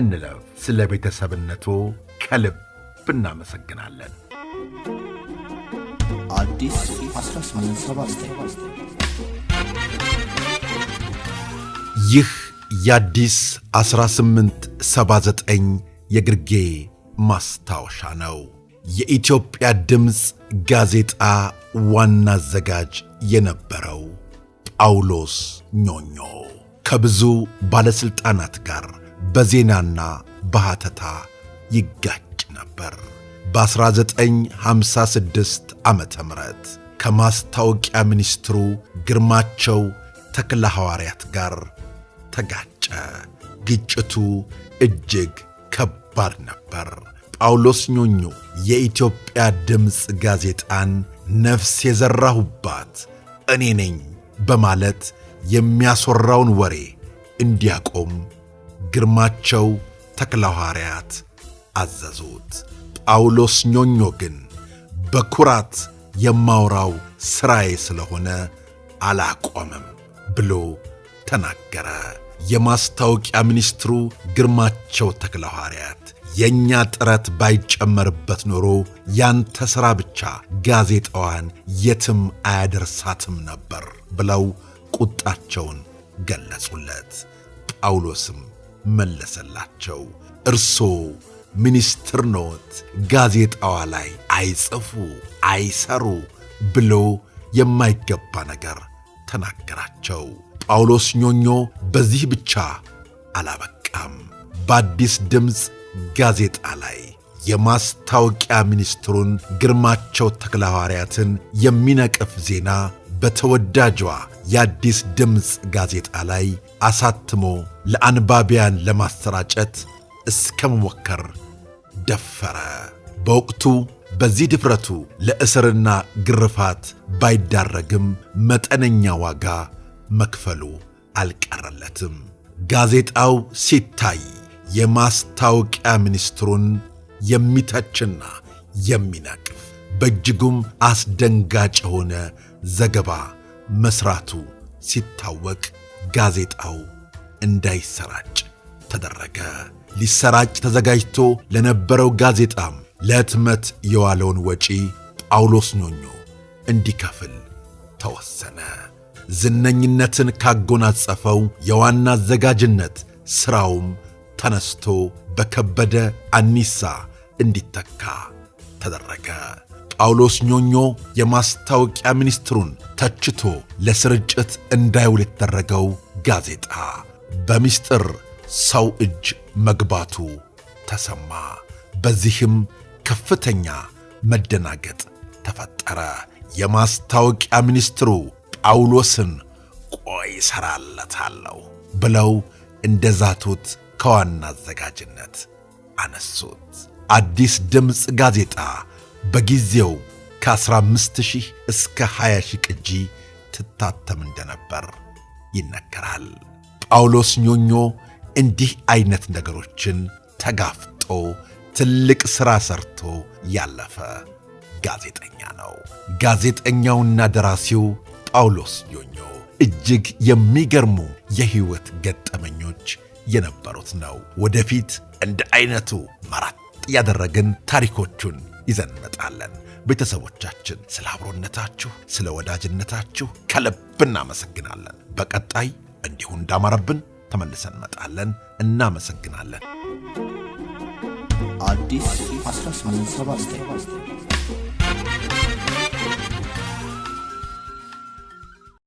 እንለፍ። ስለ ቤተሰብነቱ ከልብ እናመሰግናለን። ይህ የአዲስ 1879 የግርጌ ማስታወሻ ነው። የኢትዮጵያ ድምፅ ጋዜጣ ዋና አዘጋጅ የነበረው ጳውሎስ ኞኞ ከብዙ ባለሥልጣናት ጋር በዜናና በሐተታ ይጋጭ ነበር። በ1956 ዓ ም ከማስታወቂያ ሚኒስትሩ ግርማቸው ተክለ ሐዋርያት ጋር ተጋጨ። ግጭቱ እጅግ ከባድ ነበር። ጳውሎስ ኞኞ የኢትዮጵያ ድምፅ ጋዜጣን ነፍስ የዘራሁባት እኔ ነኝ በማለት የሚያስወራውን ወሬ እንዲያቆም ግርማቸው ተክለሐዋርያት አዘዙት። ጳውሎስ ኞኞ ግን በኩራት የማውራው ሥራዬ ስለሆነ አላቆምም ብሎ ተናገረ። የማስታወቂያ ሚኒስትሩ ግርማቸው ተክለሐዋርያት የእኛ ጥረት ባይጨመርበት ኖሮ ያንተ ሥራ ብቻ ጋዜጣዋን የትም አያደርሳትም ነበር ብለው ቁጣቸውን ገለጹለት። ጳውሎስም መለሰላቸው። እርሶ ሚኒስትር ኖት፣ ጋዜጣዋ ላይ አይጽፉ፣ አይሰሩ ብሎ የማይገባ ነገር ተናገራቸው። ጳውሎስ ኞኞ በዚህ ብቻ አላበቃም። በአዲስ ድምፅ ጋዜጣ ላይ የማስታወቂያ ሚኒስትሩን ግርማቸው ተክለሐዋርያትን የሚነቅፍ ዜና በተወዳጇ የአዲስ ድምፅ ጋዜጣ ላይ አሳትሞ ለአንባቢያን ለማሰራጨት እስከ መሞከር ደፈረ። በወቅቱ በዚህ ድፍረቱ ለእስርና ግርፋት ባይዳረግም መጠነኛ ዋጋ መክፈሉ አልቀረለትም። ጋዜጣው ሲታይ የማስታወቂያ ሚኒስትሩን የሚተችና የሚነቅፍ በእጅጉም አስደንጋጭ የሆነ ዘገባ መስራቱ ሲታወቅ ጋዜጣው እንዳይሰራጭ ተደረገ። ሊሰራጭ ተዘጋጅቶ ለነበረው ጋዜጣም ለህትመት የዋለውን ወጪ ጳውሎስ ኞኞ እንዲከፍል ተወሰነ። ዝነኝነትን ካጎናጸፈው የዋና አዘጋጅነት ሥራውም ተነስቶ በከበደ አኒሳ እንዲተካ ተደረገ። ጳውሎስ ኞኞ የማስታወቂያ ሚኒስትሩን ተችቶ ለስርጭት እንዳይውል የተደረገው ጋዜጣ በምስጢር ሰው እጅ መግባቱ ተሰማ። በዚህም ከፍተኛ መደናገጥ ተፈጠረ። የማስታወቂያ ሚኒስትሩ ጳውሎስን ቆይ እሰራለታለሁ ብለው እንደ ዛቱት ከዋና አዘጋጅነት አነሱት። አዲስ ድምፅ ጋዜጣ በጊዜው ከ15 ሺህ እስከ 20 ሺህ ቅጂ ትታተም እንደነበር ይነገራል። ጳውሎስ ኞኞ እንዲህ አይነት ነገሮችን ተጋፍጦ ትልቅ ሥራ ሠርቶ ያለፈ ጋዜጠኛ ነው። ጋዜጠኛውና ደራሲው ጳውሎስ ኞኞ እጅግ የሚገርሙ የሕይወት ገጠመኞች የነበሩት ነው። ወደፊት እንደ አይነቱ መራጥ ያደረግን ታሪኮቹን ይዘን እንመጣለን። ቤተሰቦቻችን ስለ አብሮነታችሁ፣ ስለ ወዳጅነታችሁ ከልብ እናመሰግናለን። በቀጣይ እንዲሁ እንዳማረብን ተመልሰን እንመጣለን። እናመሰግናለን። አዲስ 1879